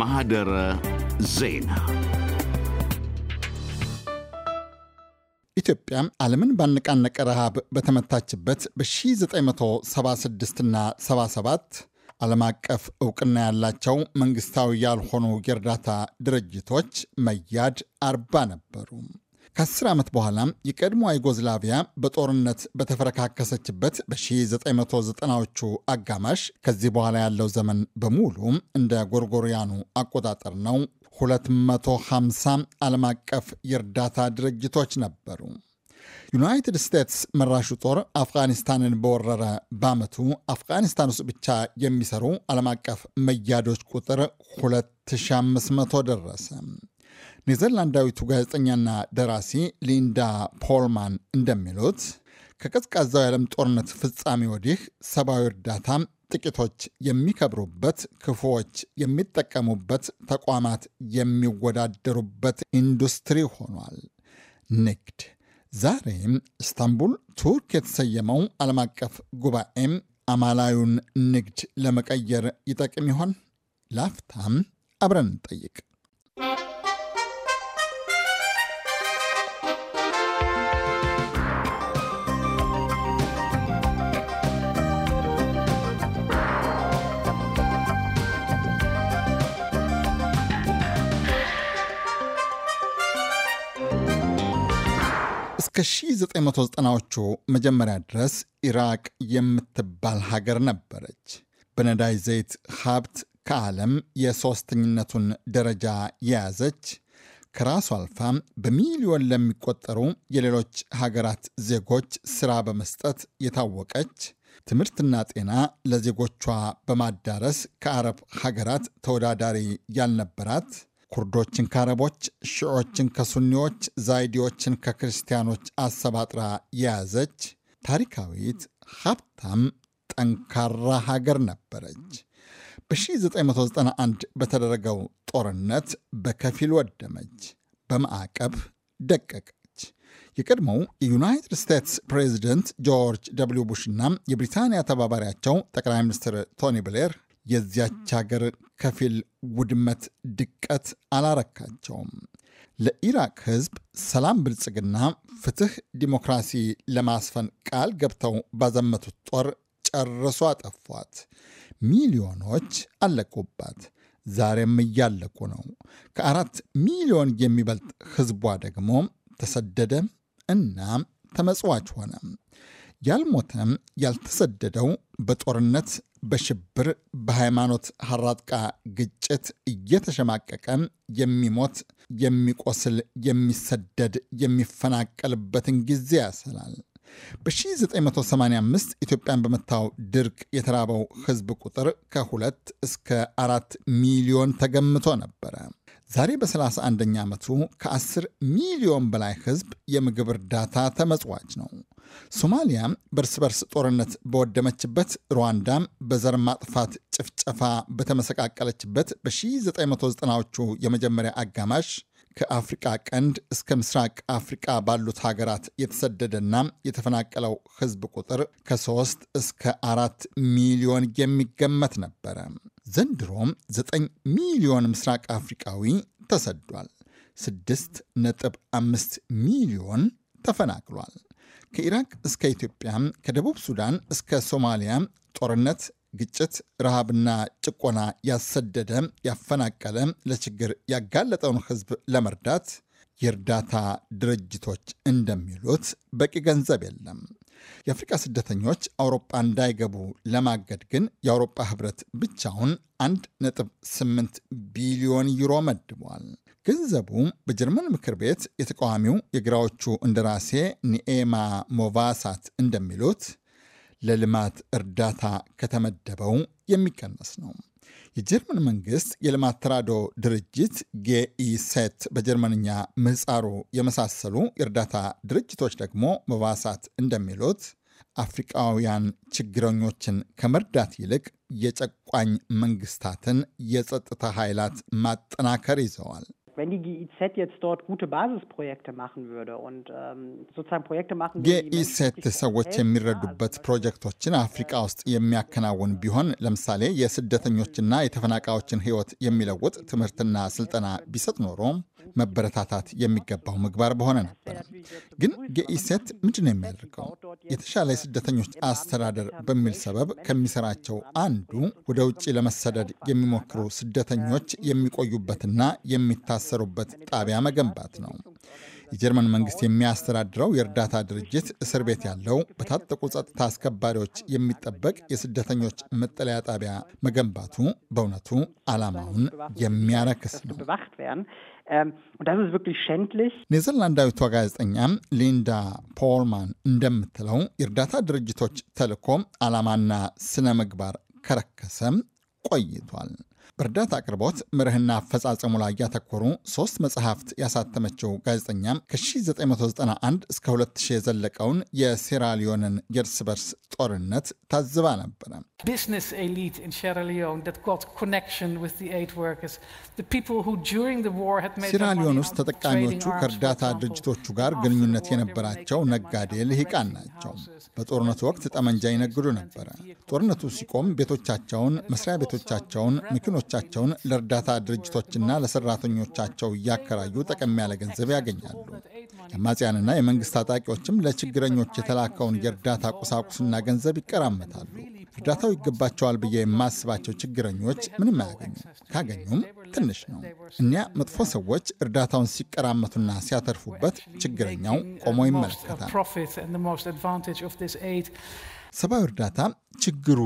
ማህደረ ዜና ኢትዮጵያ ዓለምን ባነቃነቀ ረሃብ በተመታችበት በ1976 እና 77 ዓለም አቀፍ እውቅና ያላቸው መንግሥታዊ ያልሆኑ የእርዳታ ድርጅቶች መያድ አርባ ነበሩ። ከ10 ዓመት በኋላ የቀድሞ ዩጎዝላቪያ በጦርነት በተፈረካከሰችበት በ1990ዎቹ አጋማሽ ከዚህ በኋላ ያለው ዘመን በሙሉ እንደ ጎርጎሪያኑ አቆጣጠር ነው 250 ዓለም አቀፍ የእርዳታ ድርጅቶች ነበሩ። ዩናይትድ ስቴትስ መራሹ ጦር አፍጋኒስታንን በወረረ በዓመቱ አፍጋኒስታን ውስጥ ብቻ የሚሰሩ ዓለም አቀፍ መያዶች ቁጥር 2500 ደረሰ። ኔዘርላንዳዊቱ ጋዜጠኛና ደራሲ ሊንዳ ፖልማን እንደሚሉት ከቀዝቃዛው የዓለም ጦርነት ፍጻሜ ወዲህ ሰብአዊ እርዳታ ጥቂቶች የሚከብሩበት፣ ክፉዎች የሚጠቀሙበት፣ ተቋማት የሚወዳደሩበት ኢንዱስትሪ ሆኗል ንግድ። ዛሬም ኢስታንቡል ቱርክ የተሰየመው ዓለም አቀፍ ጉባኤም አማላዩን ንግድ ለመቀየር ይጠቅም ይሆን? ላፍታም አብረን እንጠይቅ። እስከ 1990ዎቹ መጀመሪያ ድረስ ኢራቅ የምትባል ሀገር ነበረች። በነዳጅ ዘይት ሀብት ከዓለም የሦስተኝነቱን ደረጃ የያዘች ከራሱ አልፋ በሚሊዮን ለሚቆጠሩ የሌሎች ሀገራት ዜጎች ሥራ በመስጠት የታወቀች ትምህርትና ጤና ለዜጎቿ በማዳረስ ከአረብ ሀገራት ተወዳዳሪ ያልነበራት ኩርዶችን ከአረቦች፣ ሽዖችን ከሱኒዎች፣ ዛይዲዎችን ከክርስቲያኖች አሰባጥራ የያዘች ታሪካዊት፣ ሀብታም፣ ጠንካራ ሀገር ነበረች። በ1991 በተደረገው ጦርነት በከፊል ወደመች፣ በማዕቀብ ደቀቀች። የቀድሞው የዩናይትድ ስቴትስ ፕሬዚደንት ጆርጅ ደብሊው እና የብሪታንያ ተባባሪያቸው ጠቅላይ ሚኒስትር ቶኒ ብሌር የዚያች ሀገር ከፊል ውድመት ድቀት አላረካቸውም። ለኢራቅ ሕዝብ ሰላም፣ ብልጽግና፣ ፍትህ፣ ዲሞክራሲ ለማስፈን ቃል ገብተው ባዘመቱት ጦር ጨርሶ አጠፏት። ሚሊዮኖች አለቁባት። ዛሬም እያለቁ ነው። ከአራት ሚሊዮን የሚበልጥ ህዝቧ ደግሞ ተሰደደ እና ተመጽዋች ሆነ። ያልሞተም ያልተሰደደው በጦርነት በሽብር በሃይማኖት ሀራጥቃ ግጭት እየተሸማቀቀ የሚሞት የሚቆስል የሚሰደድ የሚፈናቀልበትን ጊዜ ያሰላል። በ1985 ኢትዮጵያን በመታው ድርቅ የተራበው ህዝብ ቁጥር ከሁለት እስከ አራት ሚሊዮን ተገምቶ ነበረ። ዛሬ በ31ኛ ዓመቱ ከ10 ሚሊዮን በላይ ህዝብ የምግብ እርዳታ ተመጽዋች ነው። ሶማሊያ በእርስ በርስ ጦርነት በወደመችበት፣ ሩዋንዳም በዘር ማጥፋት ጭፍጨፋ በተመሰቃቀለችበት በ1990ዎቹ የመጀመሪያ አጋማሽ ከአፍሪቃ ቀንድ እስከ ምስራቅ አፍሪቃ ባሉት ሀገራት የተሰደደና የተፈናቀለው ህዝብ ቁጥር ከ3 እስከ 4 ሚሊዮን የሚገመት ነበረ። ዘንድሮም 9 ሚሊዮን ምስራቅ አፍሪካዊ ተሰዷል። 6.5 ሚሊዮን ተፈናቅሏል። ከኢራቅ እስከ ኢትዮጵያ፣ ከደቡብ ሱዳን እስከ ሶማሊያ ጦርነት፣ ግጭት፣ ረሃብና ጭቆና ያሰደደ ያፈናቀለ፣ ለችግር ያጋለጠውን ሕዝብ ለመርዳት የእርዳታ ድርጅቶች እንደሚሉት በቂ ገንዘብ የለም። የአፍሪካ ስደተኞች አውሮጳ እንዳይገቡ ለማገድ ግን የአውሮጳ ህብረት ብቻውን 1.8 ቢሊዮን ዩሮ መድቧል። ገንዘቡ በጀርመን ምክር ቤት የተቃዋሚው የግራዎቹ እንደራሴ ኒኤማ ሞቫሳት እንደሚሉት ለልማት እርዳታ ከተመደበው የሚቀነስ ነው። የጀርመን መንግስት የልማት ተራድኦ ድርጅት ጌኢሴት በጀርመንኛ ምህፃሩ የመሳሰሉ የእርዳታ ድርጅቶች ደግሞ በባሳት እንደሚሉት አፍሪቃውያን ችግረኞችን ከመርዳት ይልቅ የጨቋኝ መንግስታትን የጸጥታ ኃይላት ማጠናከር ይዘዋል። Wenn die GIZ jetzt dort gute Basisprojekte machen würde und ähm, sozusagen Projekte machen GIZ ሰዎች የሚረዱበት ፕሮጀክቶችን አፍሪቃ ውስጥ የሚያከናውን ቢሆን ለምሳሌ የስደተኞችና የተፈናቃዮችን ሕይወት የሚለውጥ ትምህርትና ስልጠና ቢሰጥ ኖሮ መበረታታት የሚገባው ምግባር በሆነ ነበር። ግን ገኢሴት ምንድን ነው የሚያደርገው? የተሻለ የስደተኞች አስተዳደር በሚል ሰበብ ከሚሰራቸው አንዱ ወደ ውጭ ለመሰደድ የሚሞክሩ ስደተኞች የሚቆዩበትና የሚታሰሩበት ጣቢያ መገንባት ነው። የጀርመን መንግስት የሚያስተዳድረው የእርዳታ ድርጅት እስር ቤት ያለው በታጠቁ ጸጥታ አስከባሪዎች የሚጠበቅ የስደተኞች መጠለያ ጣቢያ መገንባቱ በእውነቱ ዓላማውን የሚያረክስ ነው። Ähm, und das ist wirklich schändlich። ኔዘርላንዳዊቷ ጋዜጠኛ ሊንዳ ፖልማን እንደምትለው የእርዳታ ድርጅቶች ተልዕኮ ዓላማና ስነ ምግባር ከረከሰ ቆይቷል። በእርዳታ አቅርቦት መርህና አፈጻጸሙ ላይ ያተኮሩ ሶስት መጽሐፍት ያሳተመችው ጋዜጠኛ ከ1991 እስከ 2000 የዘለቀውን የሴራሊዮንን የእርስ በርስ ጦርነት ታዝባ ነበረ። ሴራሊዮን ውስጥ ተጠቃሚዎቹ ከእርዳታ ድርጅቶቹ ጋር ግንኙነት የነበራቸው ነጋዴ ልሂቃን ናቸው። በጦርነቱ ወቅት ጠመንጃ ይነግዱ ነበረ። ጦርነቱ ሲቆም ቤቶቻቸውን፣ መስሪያ ቤቶቻቸውን፣ መኪኖች ቤቶቻቸውን ለእርዳታ ድርጅቶችና ለሰራተኞቻቸው እያከራዩ ጠቀም ያለ ገንዘብ ያገኛሉ። የአማጽያንና የመንግሥት ታጣቂዎችም ለችግረኞች የተላከውን የእርዳታ ቁሳቁስና ገንዘብ ይቀራመታሉ። እርዳታው ይገባቸዋል ብዬ የማስባቸው ችግረኞች ምንም አያገኙ፣ ካገኙም ትንሽ ነው። እኒያ መጥፎ ሰዎች እርዳታውን ሲቀራመቱና ሲያተርፉበት ችግረኛው ቆሞ ይመለከታል። ሰብአዊ እርዳታ ችግሩ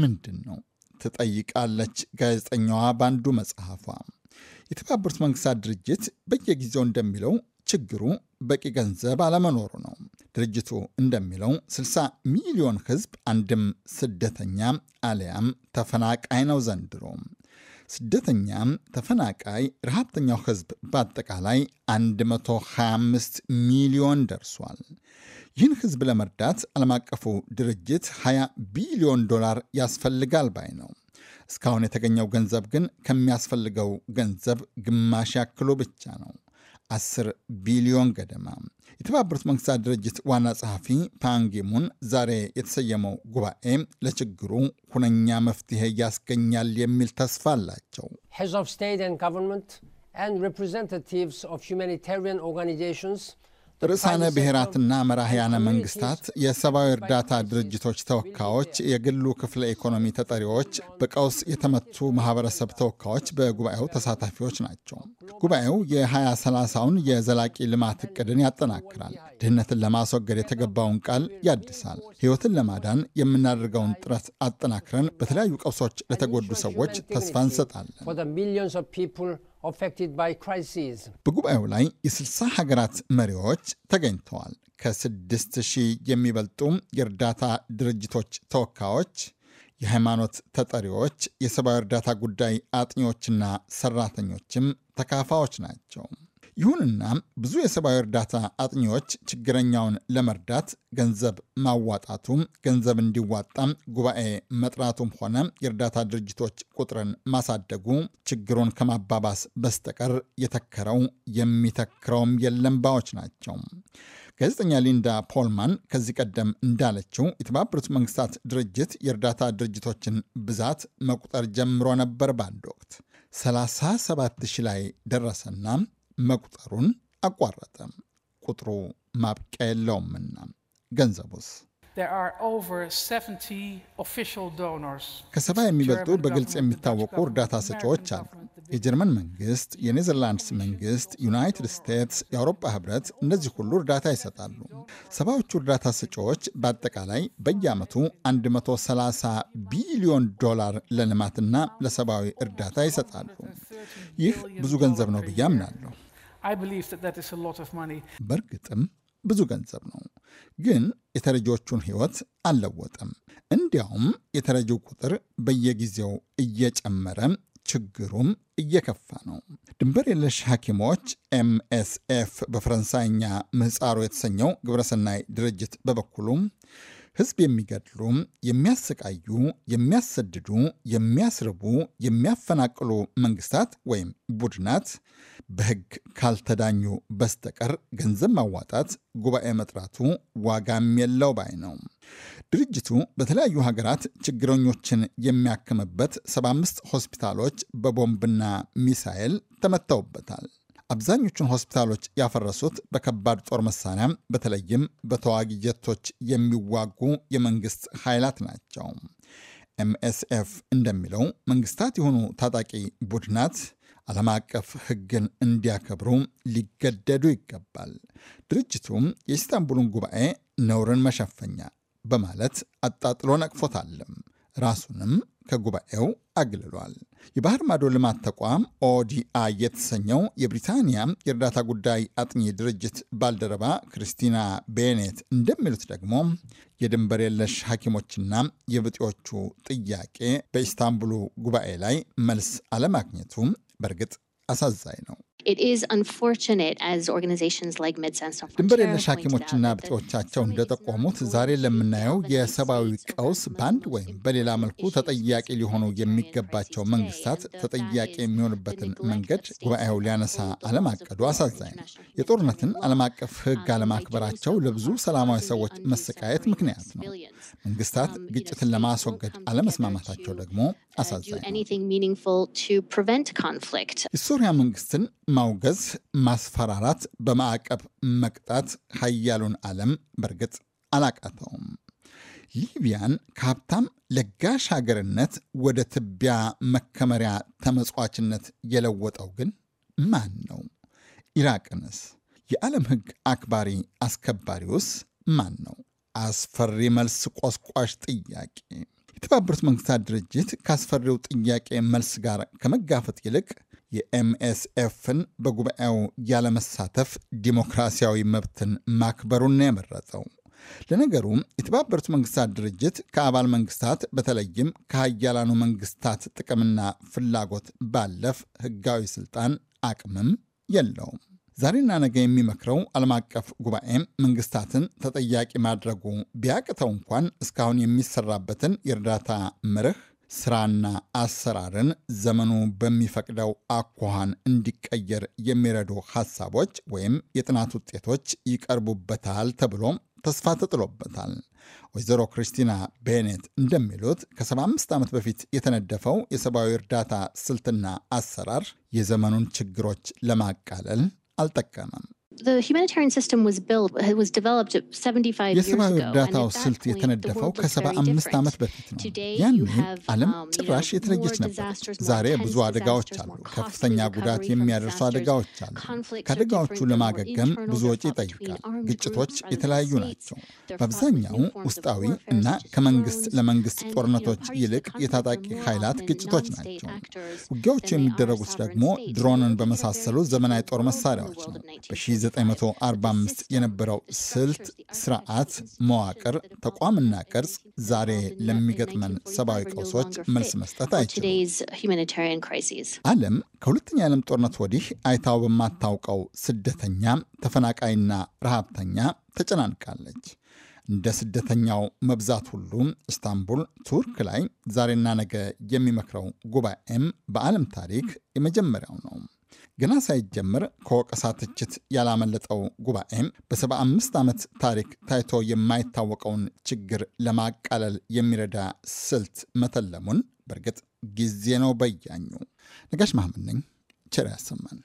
ምንድን ነው? ትጠይቃለች ጋዜጠኛዋ በአንዱ መጽሐፏ። የተባበሩት መንግስታት ድርጅት በየጊዜው እንደሚለው ችግሩ በቂ ገንዘብ አለመኖሩ ነው። ድርጅቱ እንደሚለው 60 ሚሊዮን ህዝብ አንድም ስደተኛ አሊያም ተፈናቃይ ነው ዘንድሮ። ስደተኛም፣ ተፈናቃይ፣ ረሃብተኛው ህዝብ በአጠቃላይ 125 ሚሊዮን ደርሷል። ይህን ህዝብ ለመርዳት ዓለም አቀፉ ድርጅት 20 ቢሊዮን ዶላር ያስፈልጋል ባይ ነው። እስካሁን የተገኘው ገንዘብ ግን ከሚያስፈልገው ገንዘብ ግማሽ ያክሉ ብቻ ነው። 10 ቢሊዮን ገደማ። የተባበሩት መንግስታት ድርጅት ዋና ጸሐፊ ፓንጊሙን ዛሬ የተሰየመው ጉባኤ ለችግሩ ሁነኛ መፍትሄ ያስገኛል የሚል ተስፋ አላቸው። ሄድስ ኦፍ ስቴት ኤንድ ገቨርንመንት ኤንድ ሪፕሬዘንታቲቭስ ኦፍ ሁማኒታሪያን ኦርጋኒዜሽንስ ርዕሳነ ብሔራትና መራህያነ መንግስታት፣ የሰብአዊ እርዳታ ድርጅቶች ተወካዮች፣ የግሉ ክፍለ ኢኮኖሚ ተጠሪዎች፣ በቀውስ የተመቱ ማህበረሰብ ተወካዮች በጉባኤው ተሳታፊዎች ናቸው። ጉባኤው የ2030ውን የዘላቂ ልማት እቅድን ያጠናክራል፣ ድህነትን ለማስወገድ የተገባውን ቃል ያድሳል። ህይወትን ለማዳን የምናደርገውን ጥረት አጠናክረን በተለያዩ ቀውሶች ለተጎዱ ሰዎች ተስፋ እንሰጣለን። በጉባኤው ላይ የ60 ሀገራት መሪዎች ተገኝተዋል። ከስድስት ሺህ የሚበልጡ የእርዳታ ድርጅቶች ተወካዮች፣ የሃይማኖት ተጠሪዎች፣ የሰብአዊ እርዳታ ጉዳይ አጥኚዎችና ሰራተኞችም ተካፋዎች ናቸው። ይሁንና ብዙ የሰብአዊ እርዳታ አጥኚዎች ችግረኛውን ለመርዳት ገንዘብ ማዋጣቱም ገንዘብ እንዲዋጣም ጉባኤ መጥራቱም ሆነ የእርዳታ ድርጅቶች ቁጥርን ማሳደጉ ችግሩን ከማባባስ በስተቀር የተከረው የሚተክረውም የለም ባዎች ናቸው። ጋዜጠኛ ሊንዳ ፖልማን ከዚህ ቀደም እንዳለችው የተባበሩት መንግስታት ድርጅት የእርዳታ ድርጅቶችን ብዛት መቁጠር ጀምሮ ነበር። በአንድ ወቅት 37 ሺህ ላይ ደረሰና መቁጠሩን አቋረጠ። ቁጥሩ ማብቂያ የለውምና ገንዘቡስ ከሰባ የሚበልጡ በግልጽ የሚታወቁ እርዳታ ሰጪዎች አሉ። የጀርመን መንግስት፣ የኔዘርላንድስ መንግስት፣ ዩናይትድ ስቴትስ፣ የአውሮፓ ህብረት እነዚህ ሁሉ እርዳታ ይሰጣሉ። ሰባዎቹ እርዳታ ሰጪዎች በአጠቃላይ በየዓመቱ 130 ቢሊዮን ዶላር ለልማትና ለሰብአዊ እርዳታ ይሰጣሉ። ይህ ብዙ ገንዘብ ነው ብዬ አምናለሁ። በእርግጥም ብዙ ገንዘብ ነው፣ ግን የተረጂዎቹን ሕይወት አልለወጠም። እንዲያውም የተረጂው ቁጥር በየጊዜው እየጨመረ ችግሩም እየከፋ ነው። ድንበር የለሽ ሐኪሞች ኤምኤስኤፍ በፈረንሳይኛ ምህፃሩ የተሰኘው ግብረሰናይ ድርጅት በበኩሉም ህዝብ የሚገድሉ፣ የሚያሰቃዩ፣ የሚያሰድዱ፣ የሚያስርቡ፣ የሚያፈናቅሉ መንግስታት ወይም ቡድናት በህግ ካልተዳኙ በስተቀር ገንዘብ ማዋጣት፣ ጉባኤ መጥራቱ ዋጋም የለው ባይ ነው። ድርጅቱ በተለያዩ ሀገራት ችግረኞችን የሚያክምበት 75 ሆስፒታሎች በቦምብና ሚሳኤል ተመተውበታል። አብዛኞቹን ሆስፒታሎች ያፈረሱት በከባድ ጦር መሳሪያ በተለይም በተዋጊ ጀቶች የሚዋጉ የመንግስት ኃይላት ናቸው። ኤምኤስኤፍ እንደሚለው መንግስታት የሆኑ ታጣቂ ቡድናት ዓለም አቀፍ ሕግን እንዲያከብሩ ሊገደዱ ይገባል። ድርጅቱም የኢስታንቡልን ጉባኤ ነውርን መሸፈኛ በማለት አጣጥሎ ነቅፎታለም ራሱንም ከጉባኤው አግልሏል። የባህር ማዶ ልማት ተቋም ኦዲአይ የተሰኘው የብሪታንያ የእርዳታ ጉዳይ አጥኚ ድርጅት ባልደረባ ክርስቲና ቤኔት እንደሚሉት ደግሞ የድንበር የለሽ ሐኪሞችና የብጤዎቹ ጥያቄ በኢስታንቡሉ ጉባኤ ላይ መልስ አለማግኘቱ በእርግጥ አሳዛኝ ነው። ድንበር የለሽ ሐኪሞችና ብጤዎቻቸው እንደጠቆሙት ዛሬ ለምናየው የሰብአዊ ቀውስ በአንድ ወይም በሌላ መልኩ ተጠያቂ ሊሆኑ የሚገባቸው መንግስታት ተጠያቂ የሚሆንበትን መንገድ ጉባኤው ሊያነሳ አለማቀዱ አሳዛኝ ነው። የጦርነትን um, ዓለም አቀፍ ሕግ um, አለማክበራቸው ለብዙ ሰላማዊ ሰዎች መሰቃየት ምክንያት ነው። መንግስታት ግጭትን ለማስወገድ አለመስማማታቸው ደግሞ አሳዛኝ የሶሪያ መንግስትን ማውገዝ፣ ማስፈራራት፣ በማዕቀብ መቅጣት ሀያሉን ዓለም በእርግጥ አላቃተውም። ሊቢያን ከሀብታም ለጋሽ ሀገርነት ወደ ትቢያ መከመሪያ ተመጽዋችነት የለወጠው ግን ማን ነው? ኢራቅንስ? የዓለም ሕግ አክባሪ አስከባሪውስ ማን ነው? አስፈሪ መልስ ቆስቋሽ ጥያቄ። የተባበሩት መንግስታት ድርጅት ካስፈሪው ጥያቄ መልስ ጋር ከመጋፈጥ ይልቅ የኤምኤስኤፍን በጉባኤው ያለመሳተፍ ዲሞክራሲያዊ መብትን ማክበሩን ያመረጸው ለነገሩ የተባበሩት መንግስታት ድርጅት ከአባል መንግስታት በተለይም ከሀያላኑ መንግስታት ጥቅምና ፍላጎት ባለፍ ህጋዊ ስልጣን አቅምም የለውም። ዛሬና ነገ የሚመክረው ዓለም አቀፍ ጉባኤም መንግስታትን ተጠያቂ ማድረጉ ቢያቅተው እንኳን እስካሁን የሚሰራበትን የእርዳታ መርህ ስራና አሰራርን ዘመኑ በሚፈቅደው አኳኋን እንዲቀየር የሚረዱ ሐሳቦች ወይም የጥናት ውጤቶች ይቀርቡበታል ተብሎ ተስፋ ተጥሎበታል። ወይዘሮ ክሪስቲና ቤኔት እንደሚሉት ከ75 ዓመት በፊት የተነደፈው የሰብአዊ እርዳታ ስልትና አሰራር የዘመኑን ችግሮች ለማቃለል التكامل የሰብአዊ እርዳታው ስልት የተነደፈው ከሰባ አምስት ዓመት በፊት ነው። ያኔ ዓለም um, ጭራሽ የተለየች ነበር። ዛሬ ብዙ አደጋዎች አሉ። ከፍተኛ ጉዳት የሚያደርሱ አደጋዎች አሉ። ከአደጋዎቹ ለማገገም ብዙ ወጪ ይጠይቃል። ግጭቶች የተለያዩ ናቸው። በአብዛኛው ውስጣዊ እና ከመንግስት ለመንግስት ጦርነቶች ይልቅ የታጣቂ ኃይላት ግጭቶች ናቸው። ውጊያዎቹ የሚደረጉት ደግሞ ድሮንን በመሳሰሉ ዘመናዊ ጦር መሳሪያዎች ነው። 1945 የነበረው ስልት፣ ስርዓት፣ መዋቅር፣ ተቋምና ቅርጽ ዛሬ ለሚገጥመን ሰብአዊ ቀውሶች መልስ መስጠት አይችልም። ዓለም ከሁለተኛ የዓለም ጦርነት ወዲህ አይታው በማታውቀው ስደተኛ፣ ተፈናቃይና ረሃብተኛ ተጨናንቃለች። እንደ ስደተኛው መብዛት ሁሉ ኢስታንቡል ቱርክ ላይ ዛሬና ነገ የሚመክረው ጉባኤም በዓለም ታሪክ የመጀመሪያው ነው። ገና ሳይጀምር ከወቀሳ ትችት ያላመለጠው ጉባኤም በ75 ዓመት ታሪክ ታይቶ የማይታወቀውን ችግር ለማቃለል የሚረዳ ስልት መተለሙን በእርግጥ ጊዜ ነው በያኙ። ነጋሽ መሐመድ ነኝ። ቸር ያሰማን።